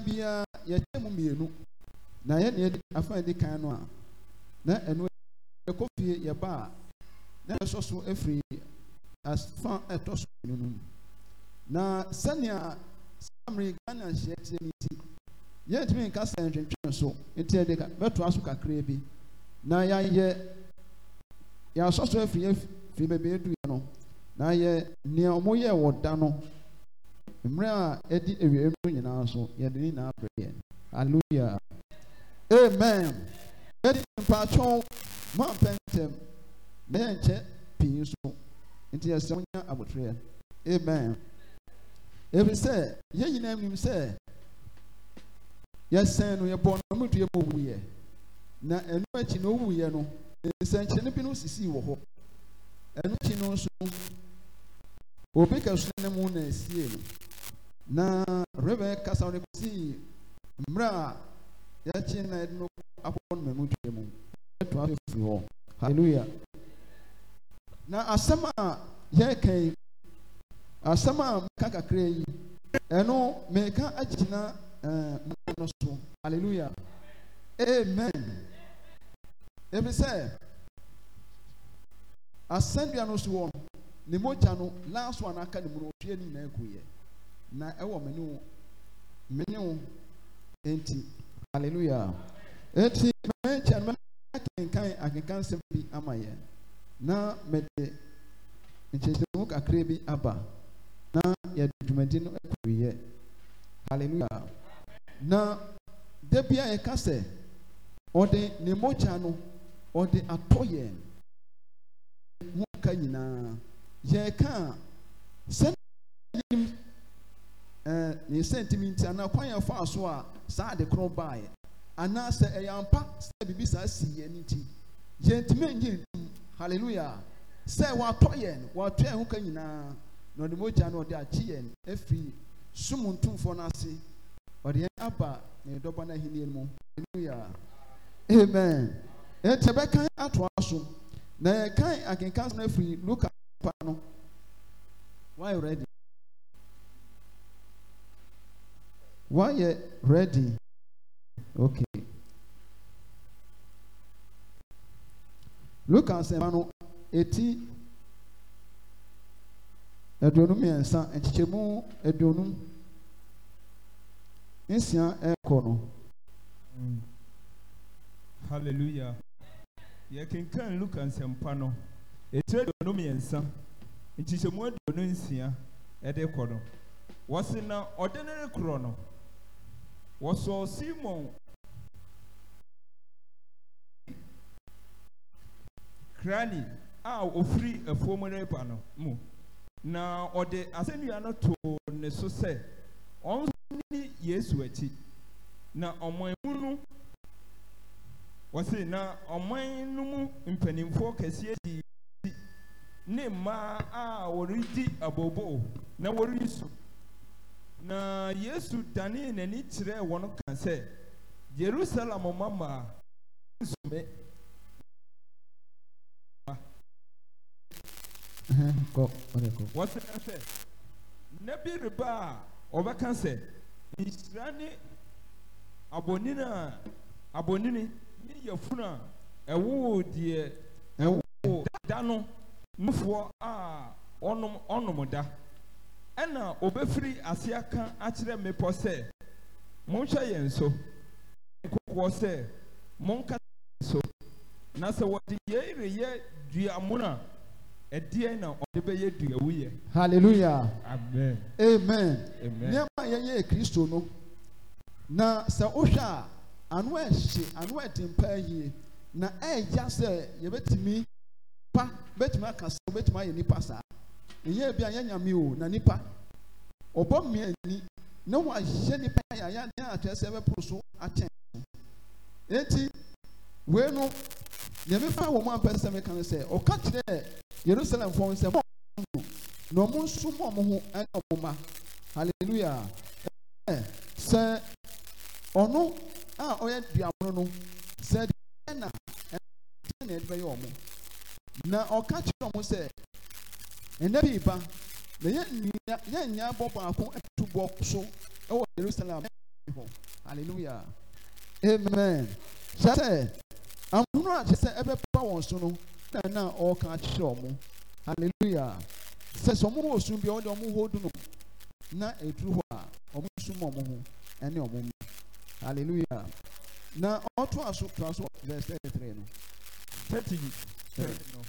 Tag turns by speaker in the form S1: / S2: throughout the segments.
S1: da biara yɛgye mu mmienu na ya ne yɛde afa yɛde kan no a na ɛno yɛkɔ fie yɛba a na yɛsɔ so afiri afa ɛtɔ so mmienu no mu na sɛnea samiri ghana hyɛ tiri ne ti yɛntumi nka sɛ ntwentwɛn so nti yɛde bɛtoa asu kakra bi na yɛayɛ yɛasɔ so afiri afiri beebi edu ya no na yɛ nea wɔyɛ wɔ da no. mmerɛ a ɛdi awia mu nyinaa so yɛde ne nyinaa brɛ yɛn hallelujah amen yɛde mpaatwo mu ampɛntɛm na yɛnkyɛ pii so nti yɛsɛ nya abotire amen ebi sɛ yɛn nyinaa nim sɛ yɛsɛn no yɛbɔ no ɔmo dua na ɛnu akyi na no sisi wɔ hɔ ɛnu akyi obi ne na esie no. na rebel kasa no si mmerɛ a yɛakye na yɛde no akɔkɔ no mamu dua mu ɛtoa so firi hɔ hallelujah na asɛm a yɛreka yi asɛm a meka kakra yi ɛno meka agyina ɛɛ eh, no so hallelujah amen ebi sɛ asɛndua no so wɔ ne mogya no last one aka ne mu no ofie ne nyinaa egu yɛ. na ɛwɔ menụ ne wo me ne wo enti no mɛkenkan akenkan sɛm bi ama yɛn na nkyɛnkyɛnmu kakra bi aba na yɛde dwumadi no akɔwiyɛ hallelujah na da a yɛka sɛ ɔde ne mogya no ɔde atɔ yɛn ka nyinaa Eh, ne ntumi nti anaa kwan yɛ fa so a saa ade korɔ baeɛ anaa sɛ ɛyɛ ampa sɛ biribi saa si yɛ no nti yɛntumi nye ntum hallelujah sɛ watɔ yɛn watɔ yɛn ho ka nyinaa na ɔde mogya no ɔde akye yɛn afiri sum ntumfoɔ no ase ɔde yɛn aba ne dɔba no ahenni mu hallelujah amen ɛnti bɛkan atoa so na yɛkan akenkan no afiri luka pa no why ready Wa wayɛ ready okay lukas ɛma eti aduonu mmiɛnsa nkyekyɛmu aduonu nsia ɛkɔ no.
S2: Mm. hallelujah yɛkenkan luka nsɛmpa no etire aduonu mmiɛnsa nkyekyɛmu aduonu nsia ɛde kɔ no wɔsi na ɔde ne rekorɔ no. wɔsɔɔ simon krani a ofiri efuom reba no mu na ɔde asɛnnua no too ne so sɛ ɔn yesu akyi na ɔman mu no wɔsi na ɔman no mu mpanimfoɔ kɛseɛ di ne mmaa a wɔredi abobo na wɔresu na yesu dane n'ani kyerɛɛ wɔn ka sɛ yerusalem mama nsome wɔsena sɛ nna bi reba a ɔbɛka sɛ nhyira ne abɔnini a abɔnini ne yafunu a ɛwoo deɛ ɛwoo da no nufoɔ a ɔnom ɔnom da ɛna obɛfiri ase aka akyerɛ mmepɔ sɛ monhwɛ yɛn so nkokoɔ sɛ monkasa so na sɛ wɔde yei reyɛ duamono a ɛdeɛn na ɔde bɛyɛ duawuyɛ
S1: halleluya amen amen nneɛma a yɛyɛ kristo no na sɛ wohwɛ a ano ɛhye ano ɛden yie na ɛɛgya sɛ yɛbɛtumi pa bɛtumi aka sɛ bɛtumi ayɛ nipa saa ɛyɛ bi a yɛ nyame o na nipa ɔbɔ mmiri na wahyɛ nipa yɛ ayɛ ya sɛ ɛbɛpo so atɛn eti wee no deɛ mefa wɔn no sɛ ɔka kyerɛ yerusalem fɔm sɛ mo na ɔmo nso mo ɔmo ho ɛna ɔmo ma hallelujah ɛɛ sɛ ɔno a ɔyɛ duamono no sɛ deɛ na ɛna ɛna ɛde ɔmo na ɔka kyerɛ ɔmo nna bi ba na yɛ nnua yɛ nnua bɔ baako ɛtu bɔ so ɛwɔ jerusalem hɔ hallelujah amen sɛsɛ amuno a kyesɛ ɛbɛpa wɔn so no na na ɔreka akyerɛ wɔn hallelujah sɛ sɛ ɔmo wɔ sum bi ɔmo de ɔmo hɔ dunu na eduru hɔ a ɔmo sum ɔmo ho ɛne ɔmo mu hallelujah
S2: na ɔto aso to aso verse thirty three no. thirty three no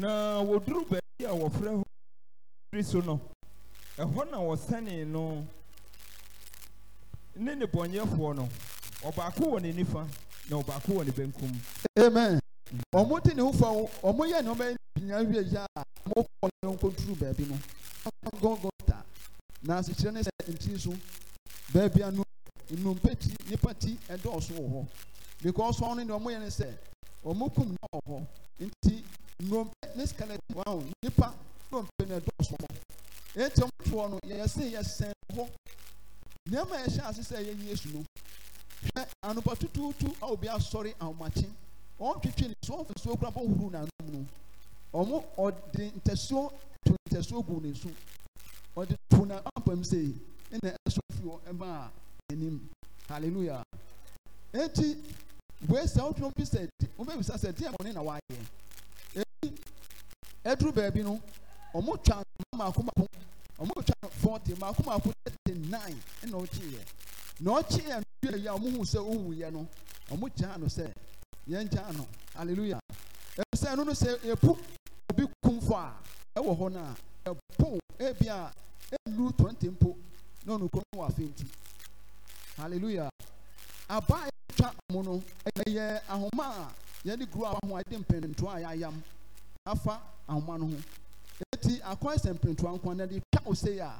S2: na woduru bɛ. a wɔfrɛ hɔ firi so no ɛhɔ na wɔsɛnee no ne nebɔnyɛfoɔ no ɔbaako wɔ ne nifa na ɔbaako wɔ ne benkum.
S1: amen wɔn ti ne ho fa wɔn yɛ nneɛma nyinaa wie yɛ a wɔn kɔ ne nkonturu baabi no gɔgɔta na asekyerɛ ne sɛ nti so baabi ano nnumpɛti nipa ti ɛdɔɔso wɔ hɔ because wɔn ne deɛ yɛ ne sɛ wɔn kum na wɔ hɔ nti. nnompe ne skeleti wɔn ho nipa nnompe na ɛdɔɔso hɔ eti wɔn toɔ no yɛsɛ yɛsɛn hɔ nneɛma a yɛhyɛ ase sɛ yɛyi esu no hwɛ anopa tutuutu a obi asɔre ahomakye wɔn twitwi ne so wɔn fi nsuo kura bɔ huhu n'anum no wɔn ɔde ntɛsuo to ntɛsuo gu ne so ɔde to na apam se ɛna ɛso fi wɔ ɛma anim hallelujah eti wei sɛ wotwi wɔn bi sɛ wɔn bɛ bisa sɛ diɛ wɔn ne na wɔayɛ. eti eduru beebi no ɔmo twa mako mako twa no forty mako mako thirty nine na ɔkye yɛ ya ọmụ yɛ ɔmo hu ọmụ owu yɛ no ɔmo gyaa obi a ɛwɔ hɔ na ɛpo ebi a elu twenty mpo na ɔno kɔn wɔ afe hallelujah twa a. yɛde guru a ho yɛde mpentoa a yɛayam afa ahoma no ho eti akwan sɛ mpentoa nkwan na yɛde twa ose ya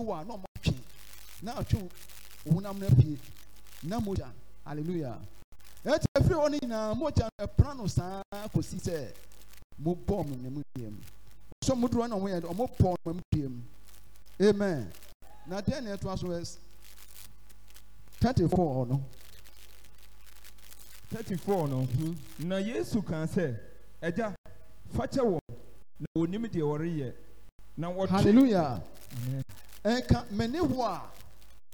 S1: wɔ a na ɔmo atwe na atwe ohunam na pie na mogya hallelujah eti efiri hɔ no nyinaa mogya ɛpra no saa kɔsi sɛ mo bɔ ɔmo na mo dua mu so mo duro na ɔmo yɛ ɔmo pɔ ɔmo na mo dua mu
S2: amen na deɛ na ɛto aso yɛ thirty four hɔ thirty four no mm-hmm. na yesu kan sɛ ɛgya fakyɛ wɔn na wɔnim deɛ wɔreyɛ na wɔtwe hallelujah nka mɛne hɔ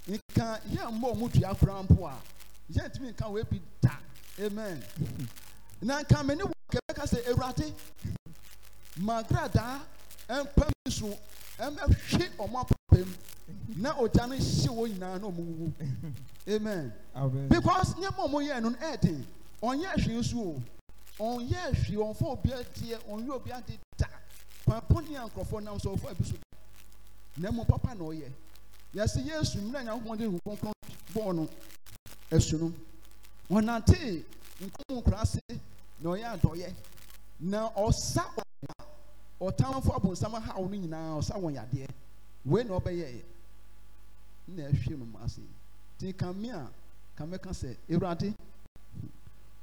S1: a nka yɛn mbɔ ɔmo tua koraa mpo a yɛn ntumi nka wɔ ebi ta amen na nka mɛne hɔ kɛmɛka sɛ ewurade magradaa mpɛm so ɛmɛhwe ɔmo apɔ pɛm na ogya no hye wɔn nyinaa na wɔn wu amen because nneɛma a wɔn yɛ no ɛyɛ den ɔnyɛ ahwɛ nsuo ɔnyɛ ahwɛ ɔnfɔ obi adeɛ ɔnyɛ obi adeɛ da papo ne nkorɔfoɔ nam so ɔfɔ ebi so na mu papa na ɔyɛ yɛsɛ yesu mmiri a nyankopɔn de nkonkron bɔɔ no ɛso no wɔnante nkomo nkora ase na ɔyɛ adɔyɛ na ɔsa ɔba ɔtamfo abonsam ahaw no nyinaa ɔsa wɔn yadeɛ wei na ɔbɛyɛ na ɛhwɛ no mu ase ti kame a kame ka sɛ ewurade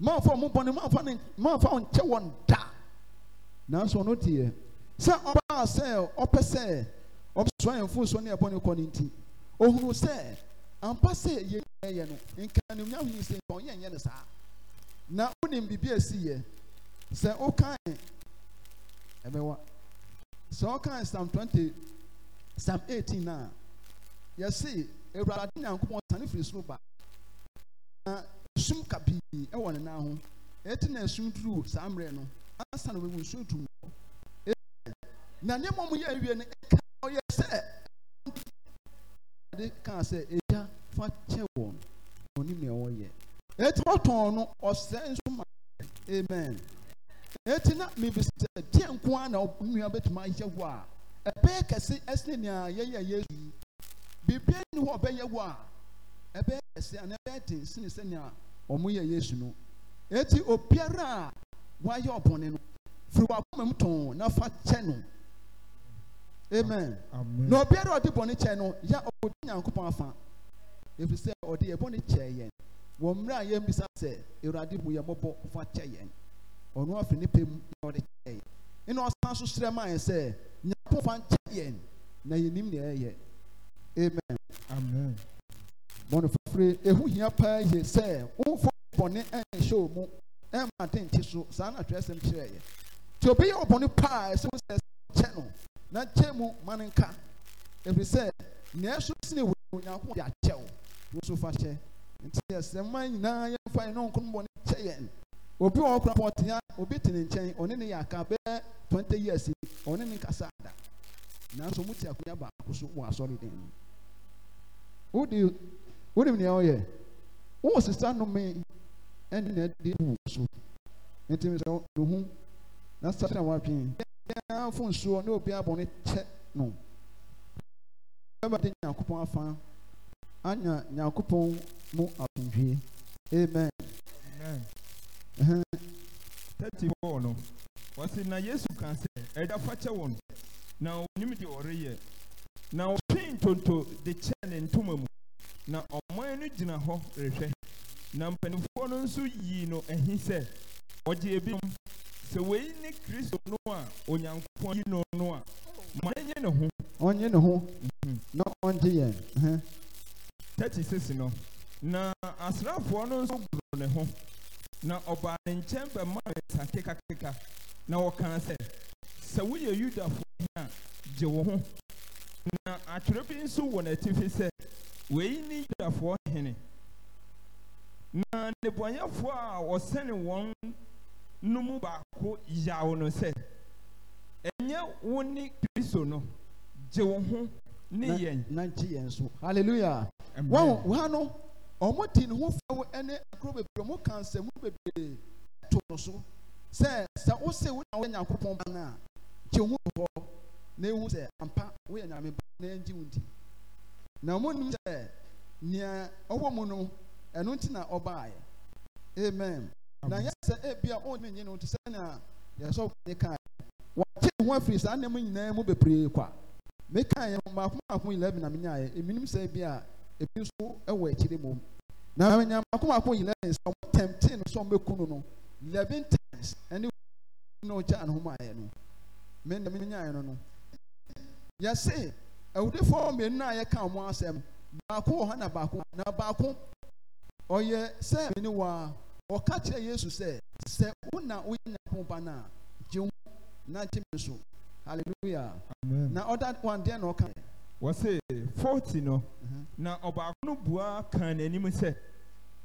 S1: mmanfa ɔmo bɔnne mmanfa ne mmanfa ɔnkyɛ wɔn da nanso ɔno teɛ sɛ ɔbaa sɛ ɔpɛ sɛ ɔbɛsɔ ayɛ mfosɔ ne ɛbɔ ne kɔ ne nti ohun sɛ ampa sɛ yɛ yɛ no nka ne nyahu yi sɛ nka ɔyɛ nyɛ ne saa na wonim biribi a si yɛ sɛ ɔkan ɛbɛwa sɛ ɔkan sam twenty psalm 18 na yɛse awurade nyankopɔn sane firi soro ba na sum kabii ɛwɔ ne nan ho ɛti na esum duru saa mmerɛ no ansa na wɔbɛwu nsuo tum wɔ na nneɛma mu yɛ awie no ɛka ɔyɛ sɛ ɛde kaa sɛ ɛgya fa kyɛ wɔn wɔnim nea wɔyɛ ɛti wɔtɔn no ɔsɛ nso ma amen ɛti na mebisa sɛ deɛ nko ara na nua bɛtumi ayɛ wɔ a ɛbɛyɛ kɛse ɛsene nea yɛyɛ yɛsu yi biribiara ni hɔ ɔbɛyɛ wɔ a ɛbɛyɛ kɛse anaa ɛbɛyɛ den sene sɛnea ɔmo yɛ yesu no eti obiara a wayɛ ɔbɔne no firi wakoma mu tɔn na fa kyɛ no amen na obiara a ɔde bɔne kyɛ no yɛ ɔdi nyankopɔn afa efiri sɛ ɔde yɛ bɔne kyɛ yɛn wɔ mmerɛ a yɛn bisa sɛ awurade mu yɛ mɔbɔ fa kyɛ yɛn ɔno afi ne mu na ɔde kyɛ yɛn ɛna ɔsan akɔfa nkyɛn yɛn na yɛnim nea ɛyɛ amen. amen. bɔnne foforo ehu hia paa yie sɛ nfɔ bɔnne ɛnhyɛ wɔn mu ɛnma e de nti so saa na atwere sɛm kyerɛ yɛ tí obi yɛ bɔnne paa ɛsɛ sɛ kyɛ no na kyɛ mu ma ne nka sɛ nea ɛso si na wɔn nyanko de akyɛ o wɔso fa hyɛ nti ɛsɛ mmaa nyinaa yɛn fa yɛn no nkɔn bɔnne kyɛ yɛn obi wɔn kora pɔtɛ yɛn obi te ne nkyɛn ɔne ne yɛ aka bɛɛ twenty years ɔne ne nkasa ada nanso mo te akonnwa baako so wɔ asɔre dan mu wodi wonim nea ɔyɛ wɔwɔ sisa nnome ɛne nea so nti sɛ ne ho na sase na wɔatwe biara fo nsuo na obi abɔ ne kyɛ no bɛba de nyankopɔn afa anya nyankopɔn mu amen.
S2: amen. Uh akyirifoɔ no wɔsi na yesu kan sɛ ɛda fakyɛ wɔn na onim deɛ ɔreyɛ na ɔtwe ntonto de kyɛ ne ntoma mu na ɔman no gyina hɔ rehwɛ na mpanimfoɔ no nso yi no ɛhi sɛ ɔgye ebinom sɛ wei ne kristo no a onyankopɔn yi no no a ma ɛnyɛ ne ho
S1: ɔnyɛ ne ho mhm. na ɔngye
S2: yɛn tɛti sisi no na asraafoɔ no nso goro ne ho. na ɔbaa ne nkyɛn bɛma ne kekakeka na ɔkaa sɛ sɛ woyɛ yudafoɔ yi a gye wo ho na atwerɛ bi nso wɔ n'atifi sɛ wei ne yudafoɔ hene na nnebɔnyɛfoɔ a wɔsɛne wɔn no mu baako yaw no sɛ ɛnyɛ wo ne kristo no gye wo ho ne
S1: yɛn na yɛn so hallelujah wɔn ha no wɔn ti ne ho fɛw bebree ka nsɛm bebree no so sɛ sɛ wo na woyɛ a gye ho hɔ na ehu sɛ ampa woyɛ nyame ban na ɛngye wo nti na sɛ nea ɔwɔ mu no ɛno na amen na yɛ sɛ no sɛ kaa ho afiri saa nneɛma nyinaa mu bebree kwa mekaa yɛ na sɛ ebi nso wɔ akyire mu. na anyam akomako eleven sɛ ɔmo tɛmtɛn no sɛ ɔmo bɛku no no times ɛne na ɔgya ne ho ayɛ no me na me nyaayɛ no no baako na baako na wa yesu sɛ sɛ wo na woyɛ nyankopɔn ba na
S2: me so hallelujah na one na ka. wɔse forty no mm-hmm. na ɔbaako no bua kan n'anim sɛ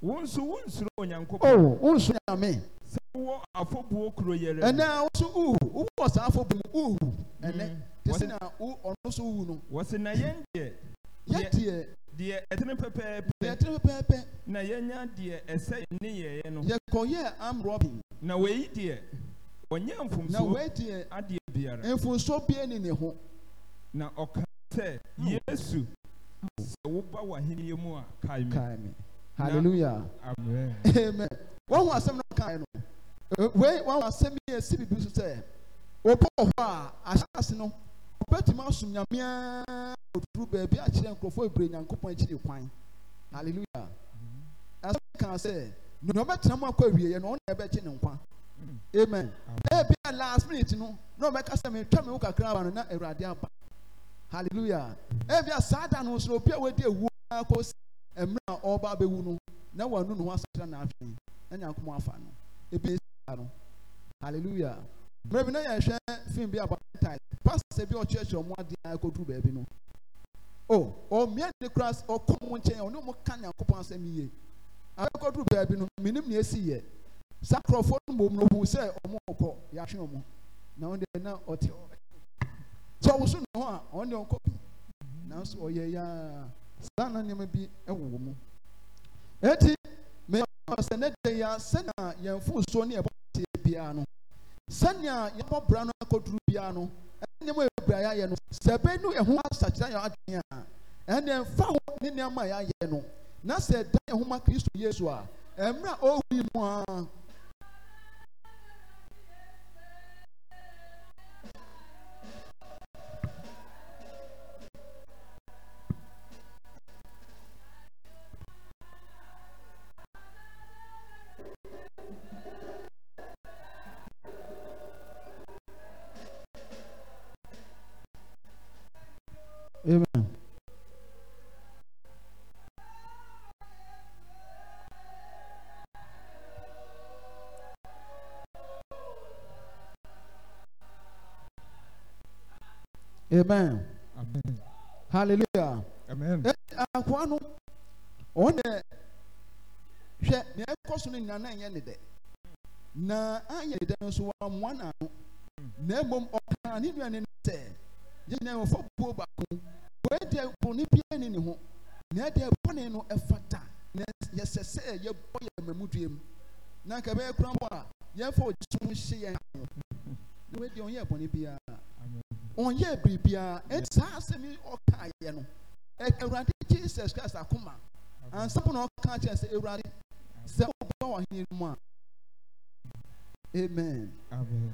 S2: wɔn nso wɔn nsoro onyankopɔn. ɔwɔ oh, wɔn nsoro nyame. sɛ wɔwɔ afɔbuo kuro yɛrɛ. ɛnna wɔso uhu wɔn wɔ saa afɔbuo uhu ɛnɛ mm-hmm. tese na ɔno so uhu no. wɔse na yɛn deɛ. yɛn deɛ. deɛ ɛtene pɛpɛɛpɛ. deɛ ɛtene pɛpɛɛpɛ. na yɛnya deɛ ɛsɛ ne yɛyɛ no. yɛkɔ yɛ arm robin. na wɔyi deɛ wɔnyɛ mfomso. na wɔyi deɛ adeɛ biara. mfomso bie ni ne ho. na ɔka sɛ hmm. yesu sɛ woba w'ahenniɛ mu a kae me kae me
S1: hallelujah amen amen wɔn ho asɛm no kae no eh, wei wɔn ho asɛm yi esi bibi so sɛ wɔbɔ wɔ hɔ a ahyase no wɔbɛtumi asom nyamea oduru baabi akyerɛ nkurɔfoɔ bebree nyankopɔn akyiri kwan hallelujah ɛsɛ hmm. kan sɛ nea ɔbɛtena mu akɔ awie yɛ no ɔno na ɛbɛkye ne nkwa hmm. amen ɛyɛ bi a last minute no na ɔbɛka sɛ metwa me wo kakra aba no na awurade aba hallelujah ebia saa da no nso obi a wadi ewu akɔ si mmerɛ a ɔreba abɛwu no na wɔn anu ne ho asakira na ahwɛ na nyankomo afa no ebi esi saa no hallelujah mmerɛ bi na yɛn hwɛ film bi aba tae pastor bi ɔkyerɛkyerɛ ɔmo adi a ɛkɔduru baabi no o ɔmmea ne kura ɔkɔ ɔmo nkyɛn ɔne ɔmo ka nyankomo asɛm yie ɛkɔduru baabi no minim na esi yɛ saa nkurɔfoɔ no mbom no ohu sɛ ɔmo ɔkɔ yɛahwe ɔmo na ɔno deɛ na ɔte hɔ nti ɔwoso na hɔ a ɔne ɔnkɔ bi nanso ɔyɛ yaa saa na nneɛma bi ɛwɔ mu eti mmea ne de ya sɛnea yɛn fosuo ne ɛbɔ tie biara no sɛnea ya bra no akɔduru biara no a no ɛho adwene a ɛne nfa ho ne nneɛma a no na sɛ ɛda yɛn ma kristo yesu a ɛmira ɔhu mu Amen. Amen. Amen. Hallelujah. Amen. Eh, Akwa na ɛnyɛ ne nso mwana. Hmm. na mmom ɔkaa ne nua ne gyinaɛwɔfo buo baako wɔyɛ deɛ bɔnne biara ni ne ho na deɛ bɔnne no ɛfata na yɛsɛ sɛ yɛbɔ yɛn mɛmu dua na nka bɛyɛ kura mu a yɛnfa ɔtum hyɛ yɛn ano na wɔyɛ deɛ ɔnyɛ bɔnne biara ɔnyɛ biribiara ɛnti saa asɛm yi ɔka yɛ no ɛwurade jesus christ akoma ansapo na ɔka kyerɛ sɛ ɛwurade sɛ ɔbɔ wɔ ahenni mu a amen. amen.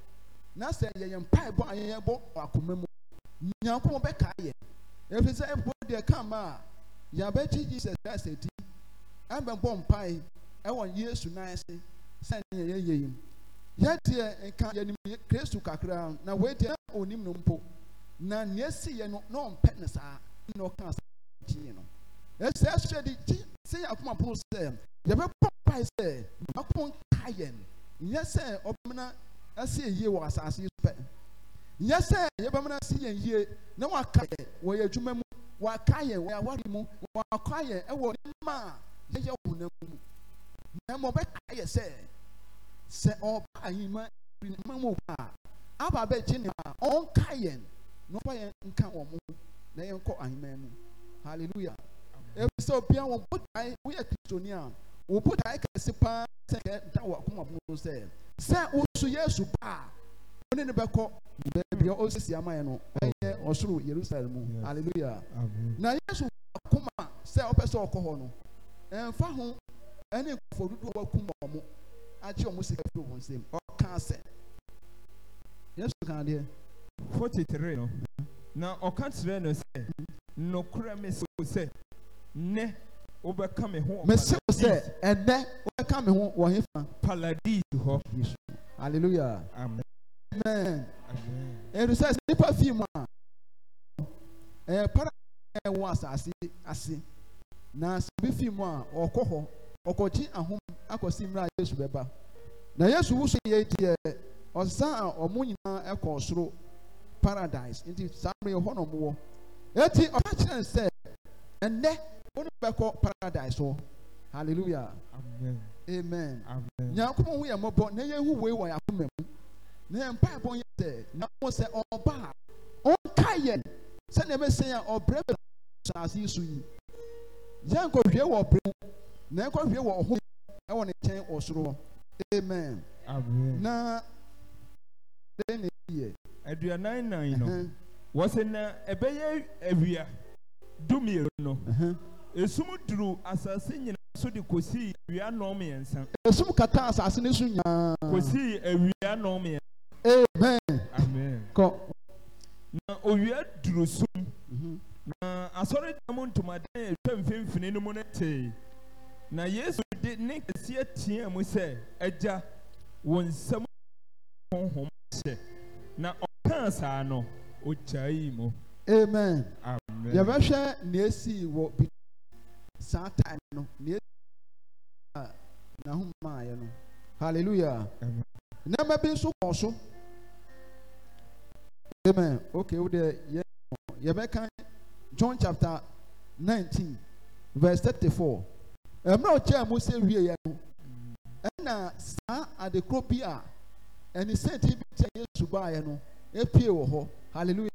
S1: na sɛ yɛyɛ mpaebɔ a yɛyɛbɔ akoma mu nyankopɔn bɛka yɛ ɛfiri sɛ ɛbɔ deɛ ka ma a yɛabɛgye jesus christ adi ɛbɛbɔ mpae ɛwɔ yesu nan ase sɛ ne yɛyɛ yie yi yɛdeɛ nka yɛnim kristo kakra na wei deɛ onim no mpo na nea esi yɛ no na ɔmpɛ ne saa na ɔka saa kyi no esi ɛsɛ de kyi sɛ akoma pono sɛ yɛbɛbɔ mpae sɛ akoma ka yɛn nyɛ sɛ ɔbɛmena ɛsɛ yie wɔ asase yi pɛ nyɛ sɛ yɛbɛmuna si yɛn yie na waka yɛ wɔ yɛ adwuma mu waka yɛ wɔ awari mu waka yɛ ɛwɔ mma a yɛyɛ wɔn nan mu na mo bɛka yɛ sɛ sɛ ɔba ahima ebi ne mma mu ba aba abɛgye ne ba ɔnka yɛn na ɔba yɛn nka wɔn mu. na yɛn kɔ ahima mu hallelujah ebi sɛ obiara wɔn botae woyɛ kristoni a wɔn botae kɛse paa sɛ kɛ nta wɔ akoma mu sɛ. sɛ wosu yesu paa ɔne ne bɛkɔ baabi a ɔsisi ama yɛ no ɛyɛ ɔsoro yerusalem mu hallelujah na yesu akoma sɛ ɔpɛ sɛ ɔkɔ hɔ no ɛnfa ho ɛne nkɔfo dodoɔ wakum ɔmo
S2: agye ɔmo sika firi wɔn nsam ɔka sɛ yesu kan deɛ. forty three no na ɔka kyerɛ no sɛ nokorɛ mi sɛ sɛ nnɛ. wobɛka me ho mese wo sɛ ɛnɛ wobɛka me ho wɔ he fa
S1: paladis hɔ halleluya amen ɛnu sɛ nnipa fii mu a ɛyɛ paradis ɛwɔ asase ase na sɛ obi fii mu a ɔkɔ hɔ ɔkɔkye ahom akɔsi mmerɛ a yesu bɛba na yesu wusu yɛ deɛ ɔsan a ɔmo nyinaa ɛkɔ soro paradise nti saa mmerɛ hɔ na ɔmo wɔ eti ɔka kyerɛ sɛ ɛnɛ Onu bɛ kɔ paradise hɔ hallelujah amen amen amen nyankunmu hu yɛ mɔbɔ ne yɛ hu mu ne yɛ mpa ɛbɔ yɛ ọba nyankunmu sɛ ɔba ɔnka na sɛnɛ bɛ sɛ yɛ ɔbrɛ yi Ya nkọ hwie mu na yɛn kɔ hwie wɔ ɔho ne nkyɛn
S2: amen na na nan no na no. esum duru asase nyinaa so de kosii awia nnɔn mmiɛnsa.
S1: esum kata asase ne
S2: so nyinaa. kosii awia nnɔn mmiɛnsa. amen. amen. kɔ. na owia duru sum. Mhm. na asɔredan mu ntomadan atwa mfimfini no mu no tee na yesu de ne kɛseɛ teɛ mu sɛ agya wɔn nsɛm honhom hyɛ na ɔkaa saa no ɔgyae mu.
S1: amen. amen. yɛbɛhwɛ
S2: nea esi wɔ bi
S1: saa time no nea a n'ahom maayɛ no hallelujah nneɛma bi nso kɔn so amen okay wo deɛ yɛ yɛbɛka john chapter nineteen verse thirty four mmerɛ ɔkyɛ a mo sɛ wie yɛ no ɛna saa adekoro bi a ɛne sɛnti bi kyɛ yesu baayɛ no epie wɔ hɔ hallelujah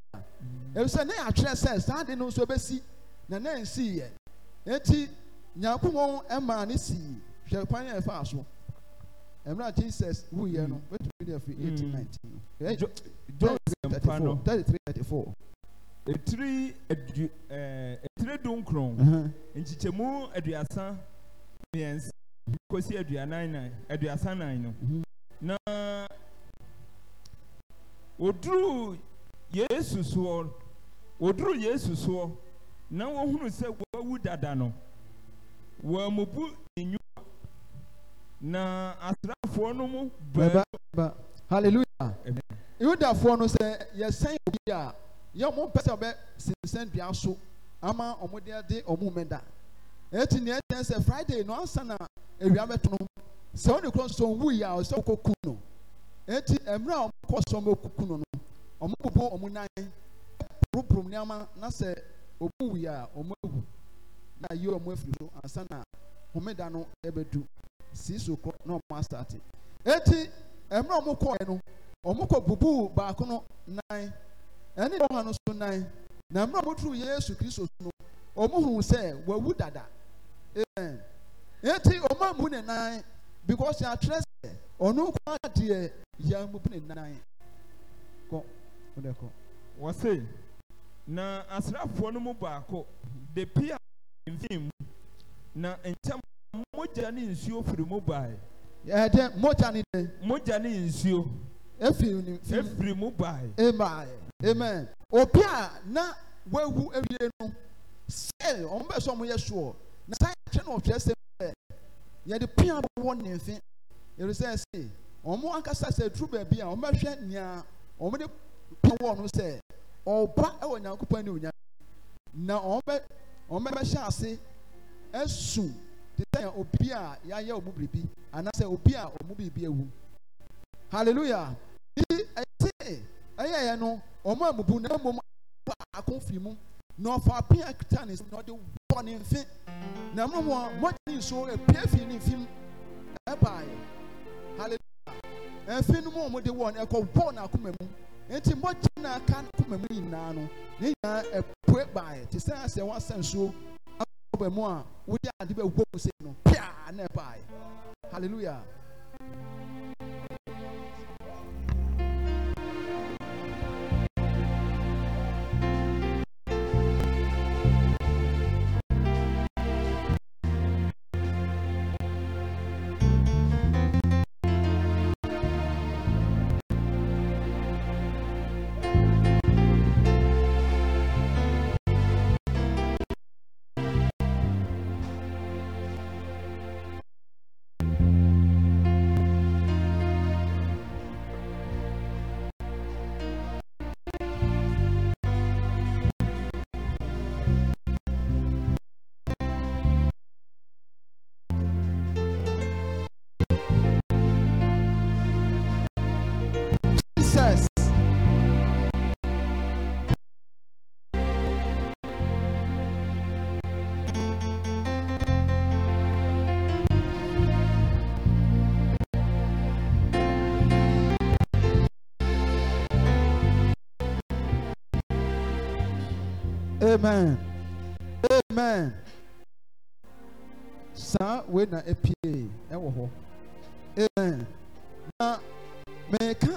S1: ebisɛ ne yɛ atwerɛ sɛ saa de no nso ebesi na ne nsi yɛ eti nyankopɔn ɛmaa ne sii hwɛ kwan yɛ ɛfa so mmerɛ jesus wuyɛ no mm. wetumi deɛ fi eighteen mm. nineteen no john thirty
S2: four thirty three thirty four. etiri edu ɛɛ eh, etiri dunkron nkyikyɛmu aduasa mmiɛnsa kosi aduanan nan aduasa nan no mhm. na oduru yesu soɔ oduru yesu soɔ. na wohunu sɛ wawu dada no wɔamubu nnwuma na asraafoɔ no mu
S1: baaba halleluya
S2: yudafoɔ no sɛ yɛsɛn
S1: obi a yɛ ɔmo mpɛ sɛ ɔbɛ sinsɛn dua so ama ɔmo de ɛde ɔmo mɛda eti nea sɛ friday no ansa na bɛto no sɛ ɔne nso wu yi a ɔsɛ ɔkɔ kun no eti mmerɛ a ɔmo kɔ so ɔmo no ɔmo bubu ɔmo nan na sɛ. obu wi ọmụ ɔmo na ayi ọmụ efu so asa na homeda no du sịsọ o'clock na ọmụ asate eti mmerɛ ɔmo ya no ọmụ kɔ bubu baako no nan ɛne dɔm no so nan na mmerɛ ɔmo turu yesu kristo so no ọmụ hu sɛ wawu dada amen eti ọmụ amụ ne nan because yɛatwerɛ sɛ nkwa deɛ ya mu ne nan
S2: na asraafoɔ no mu baako de pia mfin mu na nkyɛn mogya ne nsuo firi mu bae. ɛdɛ eh, mogya ne de. mogya ne nsuo. efiri ne fi efiri mu bae. ebae
S1: amen obi a na wawu ewie no sɛ wɔn bɛ sɛ wɔn yɛ soɔ na saa yɛtwe na ɔtwe sɛ bɛ yɛde pia bɔ ne mfin yɛde sɛ ɛsɛ wɔn ankasa sɛ duru baabi a wɔn bɛhwɛ nea wɔn de pia wɔn no sɛ ɔba ɛwɔ nyankopɔn ne onya na ɔbɛ ɔbɛhyɛ ase ɛsu te sɛ obi a yɛayɛ ɔmo biribi anaasɛ obi a ɔmo biribi awu hallelujah bi ɛte ɛyɛ yɛ no ɔmo amubu na mmom baako firi mu na ɔfa apin akita ne nsam na ɔde bɔ ne mfe na mmom wɔn mogya ne nsuo epie firi ne mfim ɛbaayɛ hallelujah ɛfi no mu a ɔmo de wɔ no ɛkɔ mu nti mmɔgye na aka kɔma mu nyinaa no ne nyinaa ɛpue baeɛ te sɛ asɛ wɔasɛ nsuo akɔba mu a wode ade bɛwɔ mu sei no pia na ɛbaeɛ hallelujah amen amen saa we na apie ɛwɔ hɔ amen na mɛka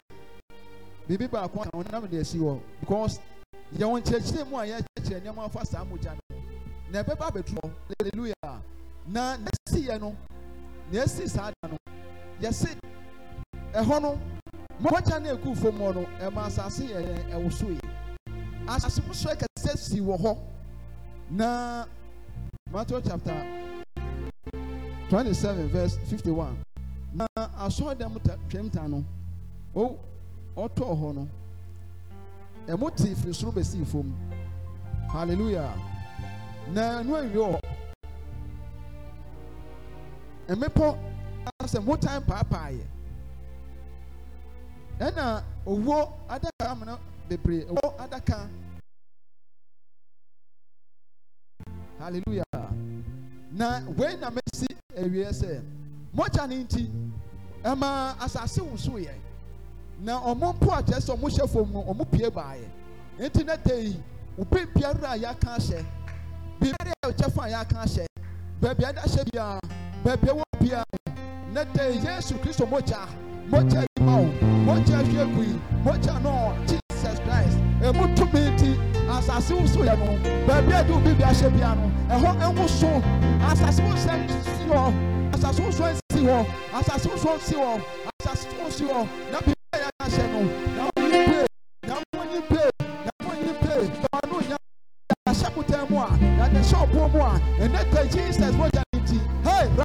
S1: biribi baako a ɔnam de si hɔ because yɛwɔ nkyerɛkyerɛ mu a yɛakyerɛkyerɛ nneɛma afa saa mogya no na ɛbɛba abɛduru hallelujah na n'asi yɛ no n'asi saa da no yɛsi ɛhɔ no mɔgya no egu fam hɔ no ɛma asase yɛ ɛwoso yi asase mu so ɛkɛ ahyɛ si wɔ hɔ na matthew chapter twenty seven verse fifty one na asɔɔdɛm twɛm ta no o ɔtɔɔ hɔ no ɛmo te firi soro bɛsi fam hallelujah na enu enyo hɔ mmepɔ asɛ motan paapaa yɛ ɛna owuo adaka amena bebree owuo adaka. hallelujah na wei na mesi ewie sɛ mogya ne nti ɛma asase wusu yɛ na ɔmo mpo akyerɛ sɛ ɔmo hyɛ fam no ɔmo pie baayɛ nti na te yi obi biara a yɛaka ahyɛ biribiara a ɔkyɛ fa a yɛaka ahyɛ baabi a dahyɛ biara baabi a wɔ biara na te yesu kristo mogya mogya yi ma wo mogya ahwɛ kui mogya no jesus christ emu tumi asase wo so yɛ no baabi a de bi ahyɛ bia no ɛhɔ ɛho so asase wo nsa si hɔ asase wo so nsi hɔ asase wo so nsi hɔ asase wo si hɔ na bi a yɛ ahyɛ no na wɔn yi pe na wɔn yi pe na wɔn yi pe baanu nya ahyɛ kuta mu a na de hyɛ ɔbo mu a ɛnɛ tɛ jesus wɔgya ne ti hey ra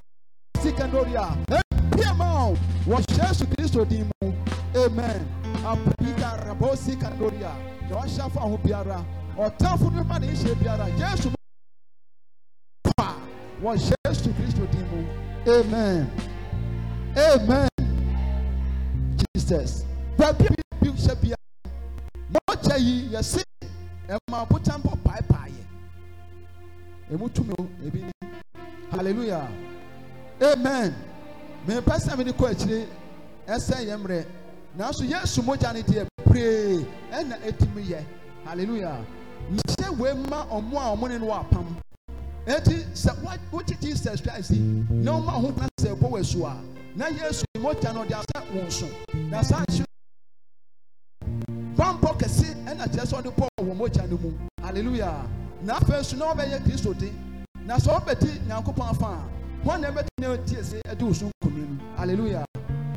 S1: sikandori a hey pm a wɔhyɛ yesu kristo din mu amen apita rabosi Rabo na wɔahyɛ afa ho biara ɔtamfo no ma ne nhyɛ biara yesu pa wɔ yesu kristo din mu amen amen jesus baabi a bi hyɛ bia mɔgya yi yɛse ɛma abotan bɔ paapaayɛ emu tumi o ebi ni hallelujah amen mepɛ sɛ mede kɔ akyire ɛsɛn yɛ mmerɛ nanso yesu mogya no deɛ pray ɛna ɛtumi yɛ hallelujah mehyɛ wee ma ɔmo a ɔmo ne no wɔ apam eti sɛ wote jesus christ na ɔmo a ɔmo kan sɛ ɛkɔ wɔ so a na yesu mogya no ɔde asɛ wɔn so na saa ahyɛ pampɔ kɛse ɛna kyerɛ sɛ ɔde pɔ wɔn mogya no mu hallelujah na afei so na ɔbɛyɛ kristo de na sɛ ɔbɛti nyankopɔn afa a wɔn na ɛbɛtumi ɛti ɛsɛ ɛdi osu nkumi no hallelujah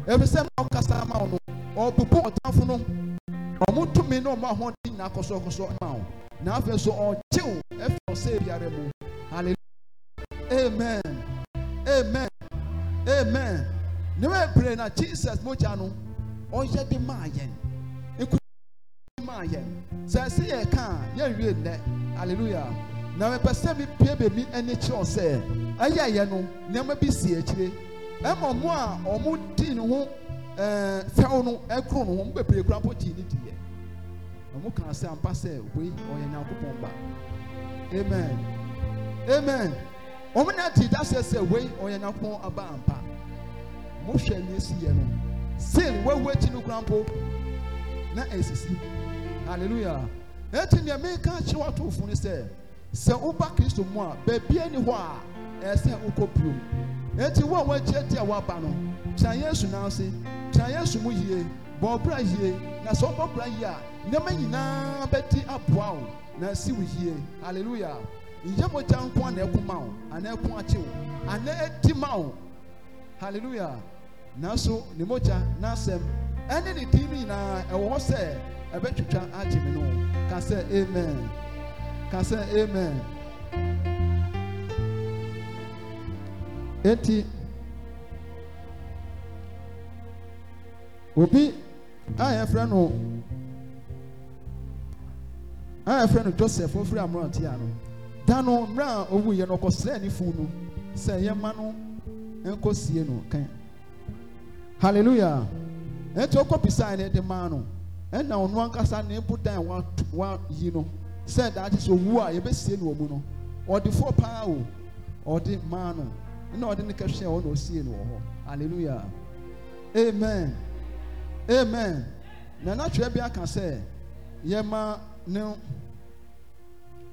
S1: ebisɛ ma ɔkasa ma ɔno ɔbubu ɔtanfo no ɔmo tumi na ɔmo ahoɔden na akɔsɔkɔsɔ ma ɔno na afei so ɔgye wo ɛfɛ ɔsɛ biara mu hallelujah amen amen amen ne wɔ pray na jesus mogya no ɔyɛ de ma yɛn nkuru maa yɛn sɛ ɛsɛ yɛ ka a yɛn wie hallelujah na mepɛ sɛ mi pie baabi ɛne kyerɛ ɔsɛ ɛyɛ yɛ no nneɛma bi si akyire ɛma ɔmo a ɔmo di ne ho ɛɛ fɛw no ɛkoro ne ho ɔmo bebree kura mpo di ne di ɔmo kan sɛ ampa sɛ wei ɔyɛ nyankopɔn ba amen amen ɔmo na ti da sɛ sɛ wei ɔyɛ nyankopɔn aba ampa mo hwɛ ne esi yɛ no seal wawu akyi no kura mpo na esisi hallelujah eti nea meka kyerɛ watofo ne sɛ sɛ woba kristo mu a baabi ani hɔ a ɛsɛ wokɔ piom eti wɔn a wɔakyi eti a wɔaba no tia yesu nan ase tia yesu mu yie bɔ ɔbra yie na sɛ ɔbɔ ɔbra yie a nneɛma nyinaa bɛti aboa wo na asi wo yie hallelujah nyɛ mogya nko na ɛko ma wo anaa ɛko akye wo anaa ɛti ma wo hallelujah nanso ne mogya n'asɛm ɛne ne din nyinaa ɛwɔ hɔ sɛ ɛbɛtwitwa agye me no ka sɛ amen ka sɛ amen eti obi. a yɛfrɛ no a yɛfrɛ no joseph ofiri ameranteɛ ano da no mmerɛ a ɔwuiɛ no ɔkɔsrɛ ne funu no sɛ yɛma no nkɔsie no kan hallelujah ɛnti ɔkɔbisaa ne de maa no ɛna ɔno ankasa ne bo dan wato wayi no sɛ daakye sɛ owu a yɛbɛsie no wɔ mu no ɔdefoɔ paa o ɔde maa no ɛna ɔde ne kɛhwɛ a ɔna osie no wɔ hɔ hallelujah amen. amen na n'atwerɛ bi aka sɛ yɛma ne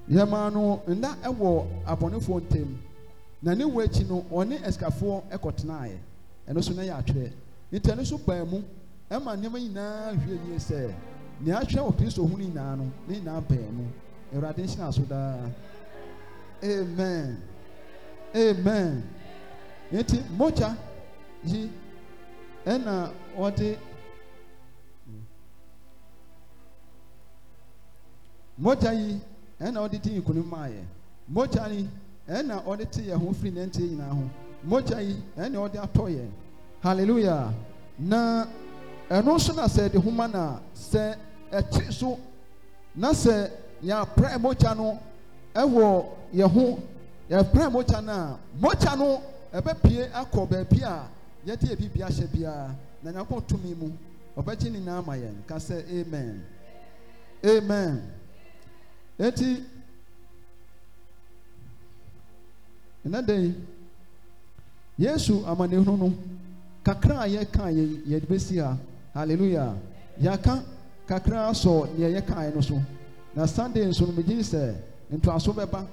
S1: yɛma no nna ɛwɔ abɔnefoɔ ntɛm na ne wɔ akyi no ɔne ɛsikafoɔ ɛkɔtenaeɛ ɛno so na yɛ atwerɛ ntɛ no so bɛn mu ɛma nneɛma nyinaa hwie yie sɛ nea atwerɛ wɔ kristo ho nyinaa no ne nyinaa bɛn mu awurade nhyina so daa amen amen nti mogya yi ɛna ɔde. mogya yi ɛna ɔde di nkunim maa yɛ mogya yi ɛna ɔde te yɛn ho firi nante nyinaa ho mogya yi ɛna ɔde atɔ hallelujah na ɛno nso na sɛ ɛde na sɛ ɛkyiri so na sɛ yɛapra mogya no ɛwɔ yɛn ho yɛapra mogya no a mogya no ɛbɛpie akɔ baabi ebi bi ahyɛ biara na tumi mu ɔbɛgye nyinaa ama yɛn ka sɛ amen. eti ɛna dɛn yesu amanehunu no kakra a yɛka yɛ yɛde besi ha hallelujah yɛaka kakra asɔ nea yɛka no so na sunday nso no megye sɛ ntoaso bɛba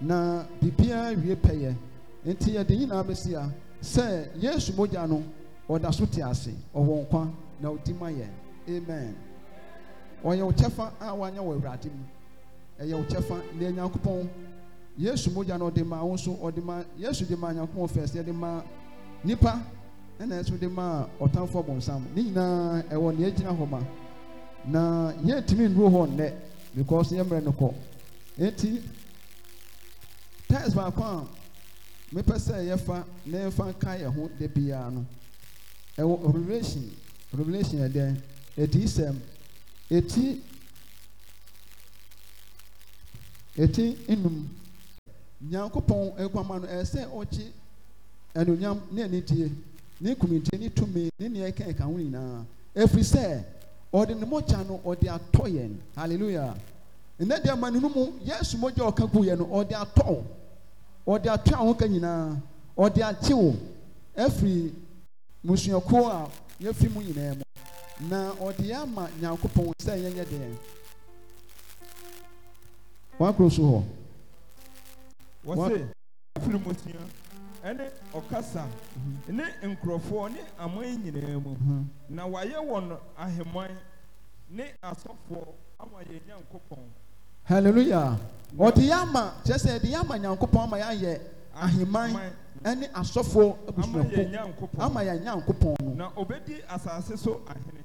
S1: na biribiara wie pɛyɛ nti yɛde nyinaa besi ha sɛ yesu mogya no ɔda so te ase ɔwɔ nkwa na ɔdi ma yɛn amen ɔyɛ kyɛfa a wanyɛ wɔ awurade mu. ɛyɛ wo kyɛfa ne nyankopɔn yesu mogya no ɔde maa wo nso ɔde maa yesu de maa nyankopɔn fɛsɛ de maa nipa ɛna ɛso de maa ɔtamfo abɔnsam ne nyinaa ɛwɔ nea egyina hɔ ma na yɛntumi nnuro hɔ nnɛ because yɛmmerɛ no kɔ eti test baako a mepɛ sɛ yɛfa na yɛfa nka yɛn ho de biara no ɛwɔ revelation revelation yɛ dɛn eti sɛm eti. Eti nnum nyankopɔn aguama no ɛyɛ sɛ ɔgye anuonyam ne tie, ne nkumitie ne tumi ne nea ɛka ɛka ho nyinaa ɛfiri sɛ ɔde ne mogya no ɔde atɔ yɛn hallelujah ɛnɛ deɛ ma ne no mu yesu mogya ɔka gu yɛn no ɔde atɔ ɔde atɔ ahoka nyinaa ɔde akye wo efiri musuakuo a yɛfiri mu nyinaa mu na ɔde ama nyankopɔn sɛ yɛnyɛ deɛ wakoro so hɔ.
S2: wɔsi afiri musua ɛne ɔkasa mhm. ne nkurɔfoɔ ne aman nyinaa mu mhm. na wayɛ wɔn aheman ne asɔfoɔ ama yɛn nyankopɔn.
S1: hallelujah ama kyerɛ sɛ ɛde yɛ ama nyankopɔn ama yɛayɛ aheman ɛne na obedi asase so ahene.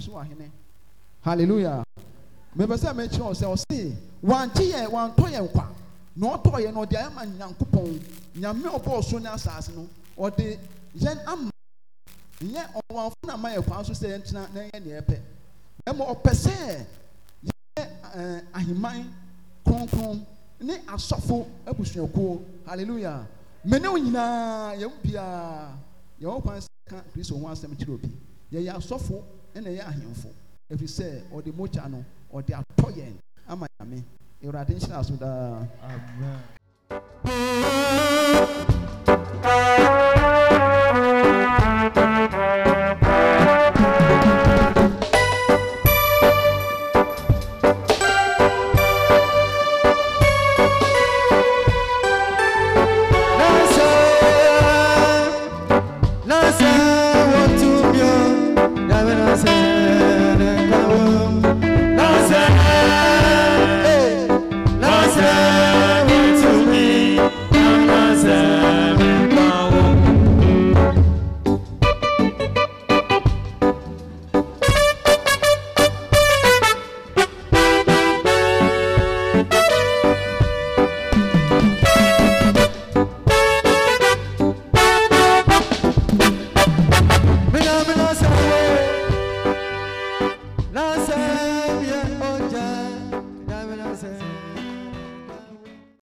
S1: so ahene hallelujah. mɛpɛ sɛ mɛkyerɛ wo sɛ ɔse wante yɛ wantɔ yɛ nkwa na ɔtɔ yɛ no ɔde ayɛ ma nyankopɔn nyame ɔbɔɔ so ne asase no ɔde yɛn ama nyɛ ɔwɔnfo na ama yɛ e eh, e kwan so sɛ yɛntena na yɛ neɛ pɛ ɛmɔ ɔpɛ sɛ yɛ ɛɛ aheman kronkron ne asɔfo abusuakuo hallelujah mmenew nyinaa yɛn biara yɛn wɔ kwan sɛ ka kristu ho asɛm kyerɛ obi yɛyɛ asɔfo ɛna yɛ ahemfo efisɛ ɔde mogya no. ɔde atɔ yɛn ama nyame awurade nhyira so daa